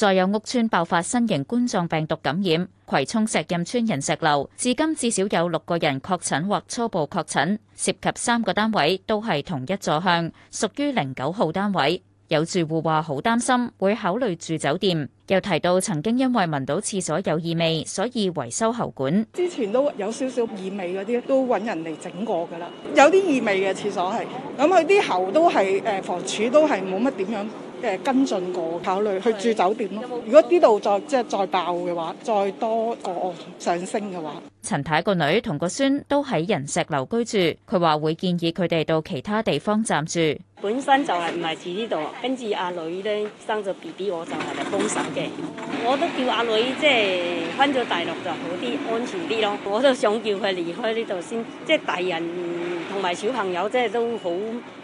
再有屋邨爆發新型冠狀病毒感染，葵涌石蔭邨仁石樓至今至少有六個人確診或初步確診，涉及三個單位，都係同一座向，屬於零九號單位。有住戶話好擔心，會考慮住酒店。又提到曾經因為聞到廁所有異味，所以維修喉管。之前都有少少異味嗰啲，都揾人嚟整過㗎啦。有啲異味嘅廁所係，咁佢啲喉都係，誒、呃、房署都係冇乜點樣。誒跟進過，考慮去住酒店咯。如果呢度再即係再爆嘅話，再多個上升嘅話，陳太個女同個孫都喺仁石樓居住，佢話會建議佢哋到其他地方暫住。本身就係唔係住呢度，跟住阿女咧生咗 B B，我就係嚟幫手嘅。我都叫阿女即係返咗大陸就好啲，安全啲咯。我都想叫佢離開呢度先，即係大人同埋小朋友即係都好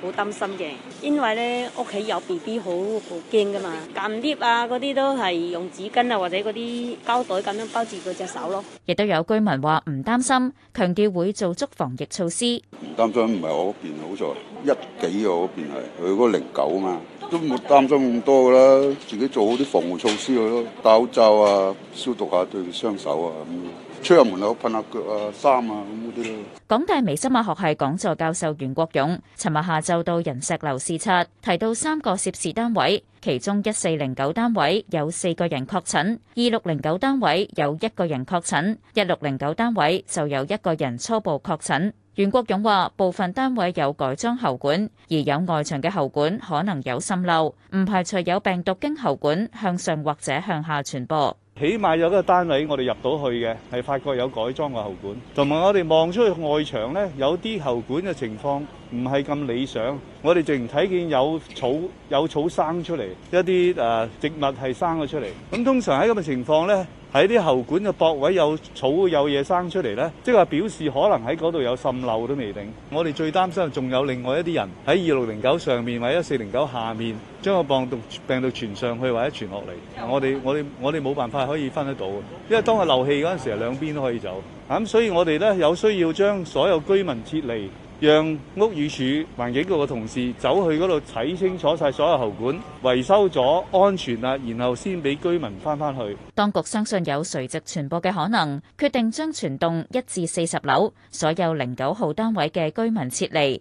好擔心嘅，因為咧屋企有 B B 好好驚噶嘛。撳 lift 啊嗰啲都係用紙巾啊或者嗰啲膠袋咁樣包住佢隻手咯。亦都有居民話唔擔心，強調會做足防疫措施。唔擔心，唔係我嗰邊好在一幾我嗰邊佢嗰個零九啊嘛，都冇擔心咁多噶啦，自己做好啲防護措施去咯，戴口罩啊，消毒下對雙手啊咁，出入門口噴下腳啊、衫啊咁嗰啲咯。港大微生物學系講座教授袁國勇，尋日下晝到仁石樓視察，提到三個涉事單位，其中一四零九單位有四個人確診，二六零九單位有一個人確診，一六零九單位就有一個人初步確診。袁國勇話：部分單位有改裝喉管，而有外牆嘅喉管可能有滲漏，唔排除有病毒經喉管向上或者向下傳播。起碼有一個單位我哋入到去嘅，係發覺有改裝嘅喉管，同埋我哋望出去外牆咧，有啲喉管嘅情況唔係咁理想。我哋淨係睇見有草有草生出嚟，一啲誒植物係生咗出嚟。咁通常喺咁嘅情況咧。喺啲喉管嘅薄位有草有嘢生出嚟咧，即係話表示可能喺嗰度有滲漏都未定。我哋最擔心仲有另外一啲人喺二六零九上面或者四零九下面將個病毒病毒傳上去或者傳落嚟。我哋我哋我哋冇辦法可以分得到嘅，因為當係漏氣嗰陣時候，兩邊都可以走。咁所以我哋咧有需要將所有居民撤離。讓屋宇署環境局嘅同事走去嗰度睇清楚晒所有喉管維修咗安全啦，然後先俾居民返返去。當局相信有垂直傳播嘅可能，決定將全幢一至四十樓所有零九號單位嘅居民撤離。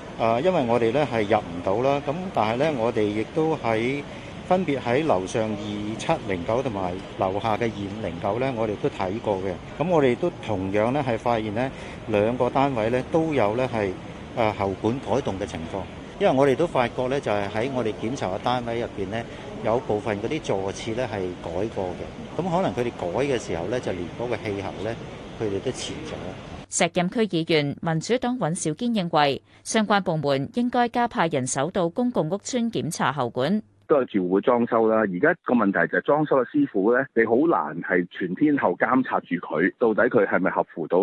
啊，因為我哋咧係入唔到啦，咁但係咧我哋亦都喺分別喺樓上二七零九同埋樓下嘅二五零九咧，我哋都睇過嘅。咁我哋都同樣咧係發現咧兩個單位咧都有咧係啊喉管改動嘅情況，因為我哋都發覺咧就係喺我哋檢查嘅單位入邊咧，有部分嗰啲坐廁咧係改過嘅。咁可能佢哋改嘅時候咧就連嗰個氣候咧佢哋都遲咗。石蔭區議員民主黨尹兆堅認為，相關部門應該加派人手到公共屋邨檢查喉管，都係住戶裝修啦。而家個問題就係裝修嘅師傅咧，你好難係全天候監察住佢，到底佢係咪合乎到？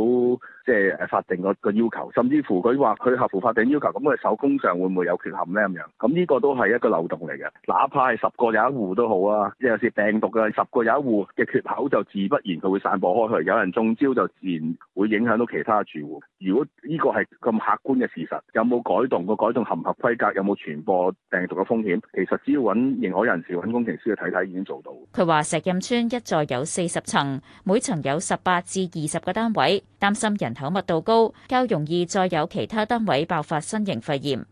即係法定嘅個要求，甚至乎佢話佢合乎法定要求，咁佢手工上會唔會有缺陷咧？咁樣，咁呢個都係一個漏洞嚟嘅。哪怕係十個有一戶都好啊，即有時病毒嘅十個有一戶嘅缺口，就自不然佢會散播開去，有人中招就自然會影響到其他住戶。如果呢個係咁客觀嘅事實，有冇改動，個改動合唔合規格？有冇傳播病毒嘅風險？其實只要揾認可人士、揾工程師去睇睇，已經做到。佢話石蔭邨一座有四十層，每層有十八至二十個單位，擔心人口密度高，較容易再有其他單位爆發新型肺炎。